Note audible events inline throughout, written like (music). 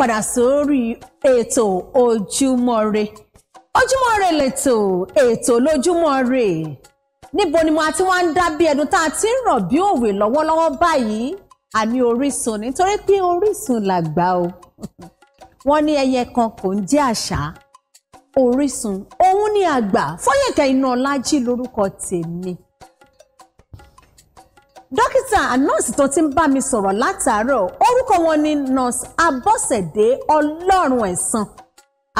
padà sórí ètò ojúmọ́ re ojúmọ́ re lẹ́tọ̀ ètò lójúmọ́ re níbo ni mo àti wá ń dá bí ẹnu tá a ti ń rọ̀ bí òwe lọ́wọ́lọ́wọ́ báyìí àní orísun nítorí pé orísun làgbà o (laughs) wọ́n ní ẹyẹ kan kò ń jẹ́ àṣà orísun òun ni àgbà Fọyẹkẹ Inaọlájí lórúkọ tèmi dókítà and nọ́ọ̀sì tó ti ń bá mi sọ̀rọ̀ látàárọ̀ orúkọ wọn ni nọ́ọ̀sì abọ́sẹ̀dé ọlọ́run ẹ̀san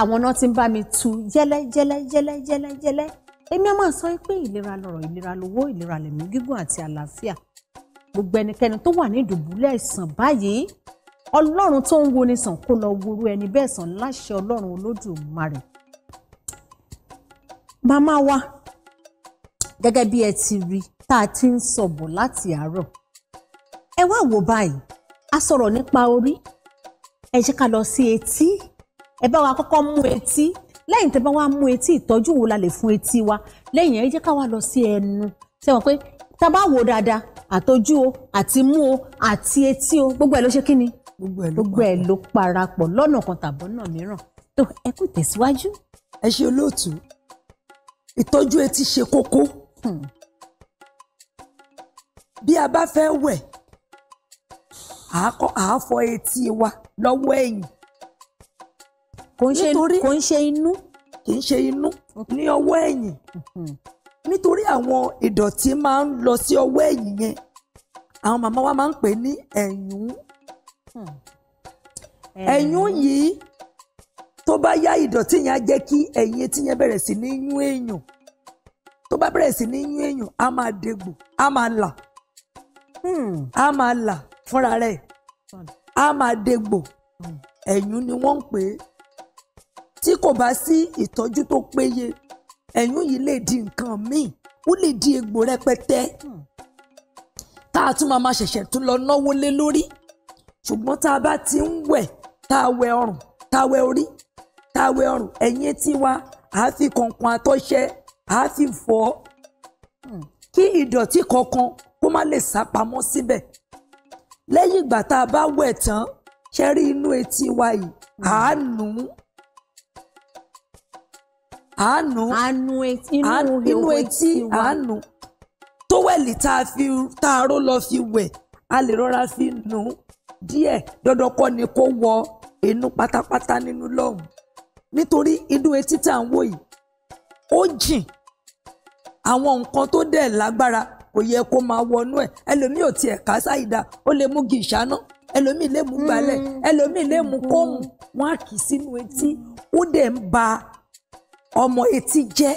àwọn náà ti ń bá mi tu yẹ́lẹ́yẹ́lẹ́yẹ́lẹ́yẹ́lẹ́ èmi á máa sọ pé ìlera lọ̀rọ̀ ìlera lówó ìlera lẹ̀mí gígùn àti àlàáfíà gbogbo ẹnikẹ́ni tó wà ní ìdùbúlẹ̀ ìsàn báyìí ọlọ́run tó ń wo ni sàn kó lọ wúru ẹni bẹ́ẹ̀ sàn láṣẹ ọlọ́run olódùmarè màmá wa gẹ́gẹ́ bí ẹ ti rí i tá a ti ń sọ bọ̀ láti àárọ̀ ẹ wá wò báyìí a sọ̀rọ̀ nípa orí ẹ jẹ́ ká lọ sí etí ẹ bá wa kọ́kọ́ mú etí lẹ́yìn tẹ́ bá wa mú etí ìtọ́jú wo la lè fún etí wa lẹ́yìn ẹ jẹ́ ká wa lọ sí ẹnu ṣé wọn pé tá bá wò dáadáa àtọ́jú o àti mú o àti etí o gbogbo ẹ̀ ló ṣe kí ni gbogbo ẹ̀ ló parapọ̀ lọ́nà kan tàbí ọ̀nà mìíràn tó ẹ kú tẹ̀síwájú. ẹ ṣe olóòtú ìtọ́jú etí ṣe kókó. Hmm bí a bá fẹ́ wẹ̀ àá fọ etí wa lọ́wọ́ ẹ̀yìn kò ń ṣe kò ń ṣe inú kì í ṣe inú ní ọwọ́ ẹ̀yìn mm-hmm. nítorí àwọn ìdọ̀tí máa ń lọ sí ọwọ́ ẹ̀yìn yẹn àwọn màmá wa máa ń pè ní hmm. ẹ̀yún ẹ̀yún yìí tó bá yá ìdọ̀tí yẹn á jẹ́ kí ẹ̀yìn etí yẹn bẹ̀rẹ̀ sí ní yún èèyàn tó bá bẹ̀rẹ̀ sí ní yún èèyàn á máa dégbò á máa là á hmm. máa là fúnra rẹ̀ á máa dégbò ẹ̀yún ni wọ́n ń pè é tí kò bá sí ìtọ́jú tó péye ẹ̀yún yìí lè di nǹkan míì ó lè di egbò rẹpẹtẹ tá a tún máa ma ṣẹ̀ṣẹ̀ tún lọ náwó lé lórí ṣùgbọ́n tá a bá ti ń wẹ̀ tá a wẹ ọrùn tá a wẹ orí tá a wẹ ọrùn ẹ̀yìn etí wa àá fi kọ̀ǹkan àtọ́ṣẹ àá fi fọ̀ kí ìdọ̀tí kankan kó má lè sá pamọ́ síbẹ̀ lẹ́yìn ìgbà tá a bá wẹ̀ tán ṣe rí inú etí wa yìí àánú àánú inú etí àánú tówẹ̀lì tá a fi tá a ró lọ fi wẹ̀ a lè rọra fi nù díẹ̀ dandan kọ́ ni kó wọ inú pátápátá nínú lọ́hùn nítorí inú etí tá à ń wò yìí ó jìn àwọn nǹkan tó dẹ̀ lágbára kò yẹ kó máa wọnú ẹ̀ ẹlòmíì ò tiẹ̀ ká sáìdá ó lè mú gìṣáná ẹlòmíì lè mú gbalẹ̀ mm. ẹlòmíì lè mú kóòmù mm. wọn á kì í sínú etí ó dẹ̀ ń ba ọmọ etí jẹ́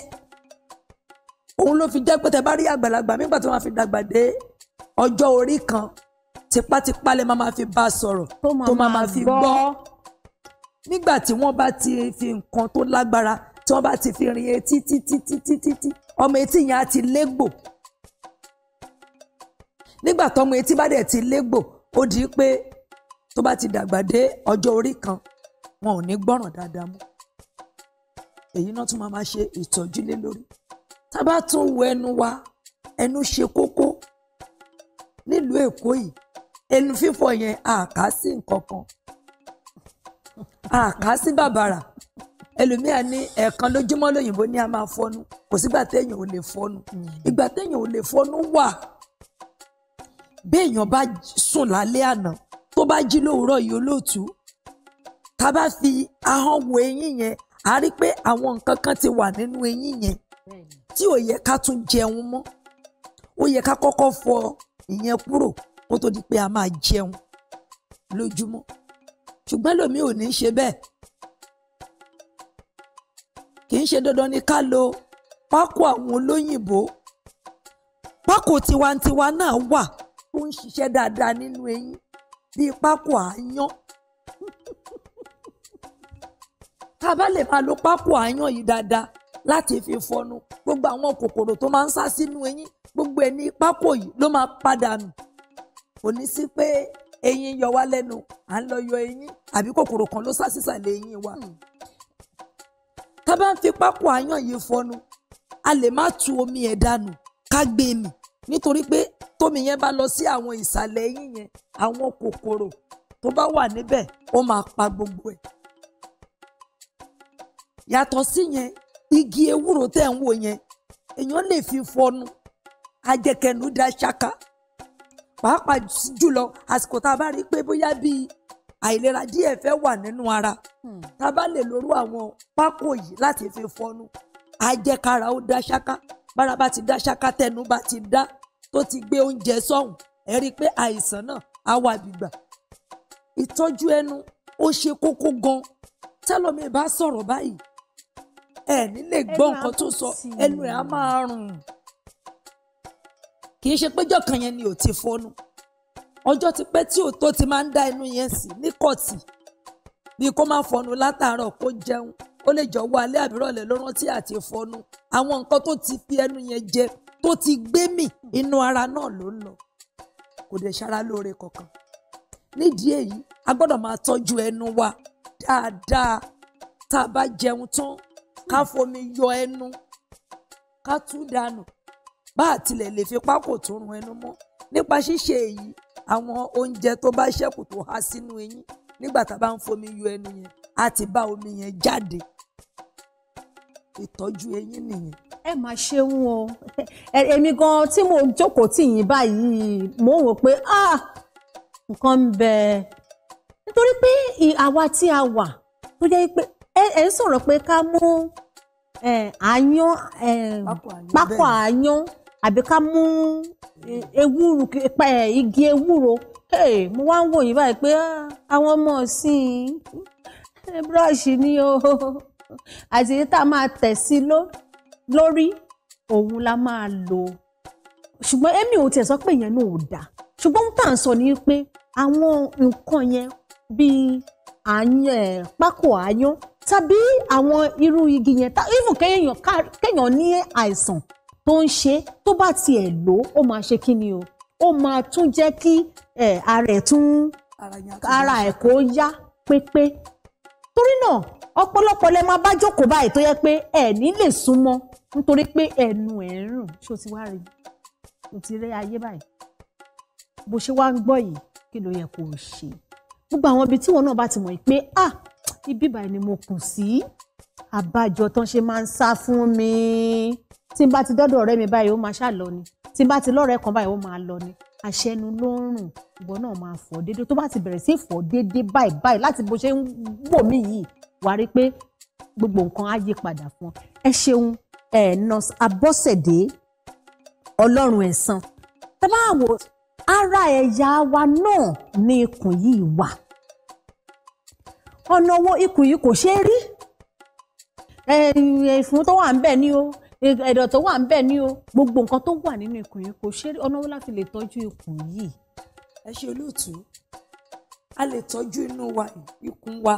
òun ló fi jẹ́ pé tẹ bá rí àgbàlagbà nígbà tó máa fi dàgbà dé ọjọ́ orí kan tipátipá lè máa fi bá a sọ̀rọ̀ tó máa fi gbọ́ nígbà tí wọ́n bá ti fi nǹkan tó lágbára tí wọ́n bá ti fi rìn etí títí títí títí ọmọ etí yẹn á ti légbò nígbà tọmọ etí bá dẹ̀ ti légbò ó di pé tó bá ti dàgbà dé ọjọ́ orí kan wọn ò ní gbọ́ràn dáadáa mọ́ èyí náà tún máa ma ṣe ìtọ́jú lé lórí tá a bá tún wo ẹnu wa ẹnu ṣe kókó nílùú èkó yìí ẹnu fífọ̀ yẹn àká sí nǹkan kan àká sí bàbàrà ẹlòmíà ní ẹ̀ẹ̀kan lójúmọ́ lóyìnbó ni a máa fọnu kò sígbà téèyàn ò lè fọnu ìgbà téèyàn ò lè fọnu wà béèyàn bá sùn lálẹ́ àná tó bá jí lówùúrọ̀ yìí olóòtú tá a bá fi ahọ́n wo eyín yẹn a rí pé àwọn nǹkan kan ti wà nínú eyín yẹn tí ò yẹ ká tún jẹun mọ́ ó yẹ ká kọ́kọ́ fọ ìyẹn kúrò kó tó di pé a máa jẹun lójúmọ́ ṣùgbọ́n lómi ò ní ṣe bẹ́ẹ̀ kì í ṣe dandan ni ká lo pákó àwọn olóyìnbó pákó tiwantiwa náà wà tó ń ṣiṣẹ́ dáadáa nínú eyín bíi pákó àáyán tá a bá lè máa lo pákó àáyán yìí dáadáa láti fi fọnu gbogbo àwọn kòkòrò tó máa ń sá sínú eyín gbogbo ẹ̀ ní pákó yìí ló máa padà nù kò ní sí pé eyín yọ wá lẹ́nu à ń lọ yọ eyín àbí kòkòrò kan ló sá sísàlẹ̀ eyín wa. Hmm. tá bá ń fi pákó àáyán yìí fọnu a lè má tu omi ẹ̀ dànù ká gbé e mì nítorí pé tómi yẹn bá lọ sí àwọn ìsàlẹ̀ eyín yẹn àwọn kòkòrò tó bá wà níbẹ̀ ó máa pa gbogbo ẹ̀. yàtọ̀ sí yẹn igi ewúro tẹ̀ ń wò yẹn èèyàn lè fi fọnu ajẹkẹnu da ṣaka pàápàá jùlọ àsìkò tá a bá rí i pé bóyá bíi àìlera díẹ̀ fẹ́ wà nínú ara hmm. tá a bá lè lórú àwọn pákó yìí láti fi fọnu ajẹkára ó da ṣaka bára bá ti dá ṣakátẹnu bá ti dá tó ti gbé oúnjẹ sọ́hùn ẹ rí i pé àìsàn náà á wà gbígbà ìtọ́jú ẹnu ó ṣe kókó gan tẹ́lọ̀mí bá sọ̀rọ̀ báyìí ẹ nílé gbọ́ nǹkan tó sọ ẹnu ẹ̀ á máa rùn kì í ṣe péjọ kan yẹn ni ò ti fọnú ọjọ́ ti pẹ́ tí òótọ́ ti máa ń dá inú yẹn sí ní kọ̀tì bí kó má fọnú látàárọ̀ kó jẹun ó lè jọ̀wọ́ alẹ́ àbírọ̀lẹ́ ló rántí àti fọnú àwọn nǹkan tó ti fi ẹnu yẹn jẹ tó ti gbé mì inú ara náà ló ń lọ kò dẹ̀ ṣara lóore kankan nídìí èyí a gbọ́dọ̀ máa tọ́jú ẹnu wa dáadáa tá a bá jẹun tán ká fomi yọ ẹnu ká tú dànù bá àtìlẹ̀ lè fi pákò tó run ẹnu mọ́ nípa ṣíṣe èyí àwọn oúnjẹ tó bá ṣẹ́kù tó há sínú eyín nígbà tá a bá ń fomi yọ ẹnu yẹn á ti bá omi yẹn jáde ìtọ́jú eyín nìyẹn. ẹ mà ṣeun o (laughs) èmi gan tí mo jókòó tì yín báyìí mo wò pé ah nǹkan ń bẹ nítorí pé àwa tí a wà tó jẹ́ pé ẹ ń sọ̀rọ̀ pé ká mú àyán pákó àyán àbí ká mú ewúro igi ewúro mo wá ń wò yín báyìí pé ah, àwọn ọmọ ọ̀sìn búrọ́ọ̀ṣì ni o. (laughs) àti èyí tá a máa tẹ̀ sí lórí òun la máa lò ṣùgbọ́n èmi ò tiẹ̀ sọ pé ìyẹn náà ò dáa ṣùgbọ́n ohun tá à ń sọ ni pé àwọn nǹkan yẹn bíi pákó àáyán tàbí àwọn irú igi yẹn even kéèyàn ní àìsàn tó ń ṣe tó bá tiẹ̀ lò ó máa ṣe kí ni o ó máa tún jẹ́ kí ara ẹ̀ tún ara ẹ̀ kó yá pépé torí náà ọ̀pọ̀lọpọ̀ lẹ máa bá jókòó báyìí tó yẹ pé ẹ̀ẹ́ni lè súnmọ́ nítorí pé ẹnu ẹ̀ ń rùn ṣó ti wá rí o ti rí ayé báyìí bó ṣe wá ń gbọ́ yìí kí ló yẹ kó o ṣe gbogbo àwọn ibi tí wọn náà bá ti mọ̀ pé ah ibi báyìí ni mo kù sí àbájọ tán ṣe máa ń sá fún mi tí n bá ti dọ́dọ̀ ọ̀rẹ́ mi báyìí ó máa ṣá ni tí n bá ti lọ́rẹ̀ẹ́ kan báyìí ó máa lọ ni aṣẹ́nu ló ń rùn ìwọ náà máa fọ̀ déédéé tó bá ti bẹ̀rẹ̀ sí fọ̀ déédéé báyìí báyìí láti bó ṣe ń wò mí yìí wàá rí i pé gbogbo nǹkan á yí padà fún ọ ẹ ṣeun ẹ nurse Abọ́sẹ̀dé Ọlọ́run ẹ̀san tábàwò ara ẹ̀yà wa náà ní ikùn yìí wà ọ̀nà wo ikùn yìí kò ṣeé rí ẹ̀fún tó wà ń bẹ̀ ni o ẹ̀dọ̀ tó wà ń bẹ̀ ni o gbogbo nǹkan tó wà nínú ikùn yìí kò ṣe ọ̀nà wo láti lè tọ́jú ikùn yìí. ẹ ṣe olóòtú a lè tọ́jú inú wa ikùn wa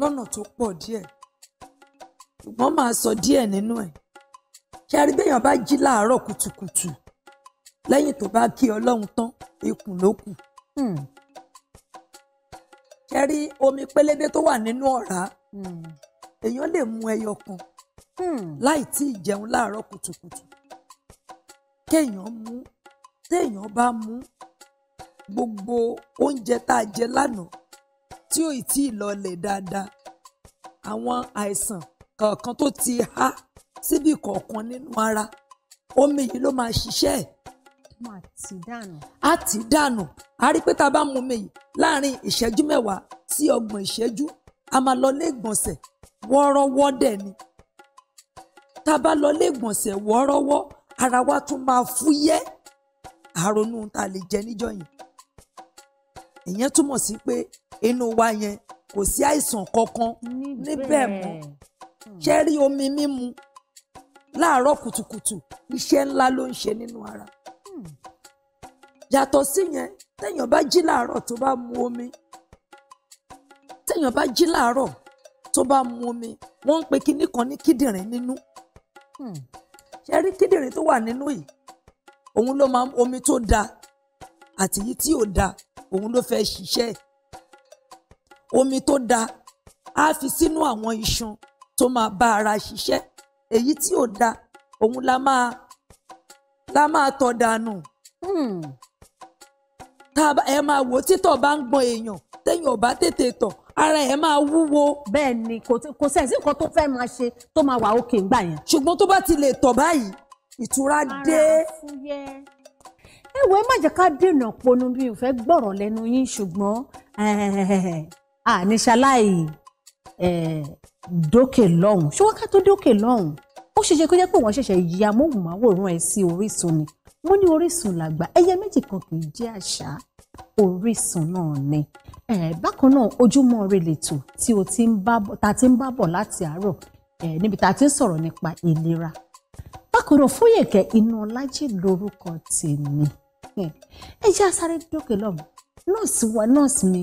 lọ́nà tó pọ̀ díẹ̀ ṣùgbọ́n máa sọ díẹ̀ nínú ẹ̀ ṣe àrí bẹ́yàn bá jí láàárọ̀ kùtùkùtù lẹ́yìn tó bá kí ọlọ́run tán ikùn ló kù. Hmm. ṣe rí omi pélébé tó wà nínú ọ̀rá hmm. èèyàn lè mu ẹyọ kan Hmm. láì tí ì jẹun láàárọ̀ kùtùkùtù kéèyàn mú téèyàn bá mú gbogbo oúnjẹ tá a jẹ lánàá tí ò tí ì lọlẹ̀ dáadáa àwọn àìsàn kọ̀ọ̀kan tó ti há síbi kọ̀ọ̀kan nínú ara omi yìí ló máa ṣiṣẹ́ a ti dànù. a rí pé tá a bá mu omi yìí láàrin ìṣẹ́jú mẹ́wàá sí ọgbọ̀n ìṣẹ́jú a máa lọ lé ìgbọ̀nsẹ̀ wọ́ọ́rọ́wọ́ dẹ̀ ni tá a bá lọ lé gbọ̀nsẹ̀ wọ́ọ́rọ́wọ́ ara wa tún máa fúyẹ́ àrònú tá a lè jẹ níjọ́ yìí ìyẹn túmọ̀ sí pé inú wa yẹn kò sí àìsàn kankan níbẹ̀ mọ́ ṣe rí omi mímu láàárọ̀ kùtùkùtù iṣẹ́ ńlá ló ń ṣe nínú ara yàtọ̀ síyẹn téèyàn bá jí láàárọ̀ tó bá mu omi téèyàn bá jí láàárọ̀ tó bá mu omi wọ́n ń pe kinní kan ní kíndìnrín nínú Hmm. ṣe rí kíndìnrín tó wà nínú yìí òun ló máa omi tó da àti yìí tí ò da òun ló fẹ́ ṣiṣẹ́ omi tó da á fi sínú àwọn iṣan tó máa bá ara ṣiṣẹ́ èyí tí ò da òun la máa la máa tọ̀ dànù hmm. tá ẹ máa wò títọ̀ bá ń gbọ̀n èèyàn téèyàn ò bá tètè tọ̀ ara ẹ̀ máa wúwo. bẹ́ẹ̀ ni kò sẹ́yìn sí nǹkan tó fẹ́ máa ṣe tó máa wà òkè ńgbà yẹn. ṣùgbọ́n tó bá ti lè tọ̀ báyìí ìtura dé. ẹ wo ẹ má jẹ́ ká dènà ponu bí o fẹ́ gbọ́rọ̀ lẹ́nu yín ṣùgbọ́n eh, àníṣaláì eh, dókè lọ́hùn ṣé wọ́n ká tó dókè lọ́hùn ó ṣe ṣe kó jẹ́ pé wọ́n ṣẹ̀ṣẹ̀ yí amóhùnmáwòrán ẹ̀ sí Orísun ni wọ́n ní Orísun làgbà ẹyẹ méjì kan kì í jẹ́ àṣà Orísun náà ni. Eh, bákan náà ojúmọ́ ire lètò tí o ti ń bá ta ti ń bá bọ̀ láti àárọ̀ eh, níbi tá a ti ń sọ̀rọ̀ nípa ìlera bákan náà Fóyèkẹ́ Inaọlájí lórúkọ tèmi eh, ẹ jẹ́ asáré dókè lọ́mọ nọ́ọ̀sì wa nọ́ọ̀sì mi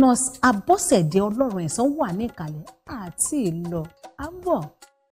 nọ́ọ̀sì Abọ́sẹ̀dé Ọlọ́run ẹ̀sán wà níkàlẹ̀ àti ìlọ àbọ̀.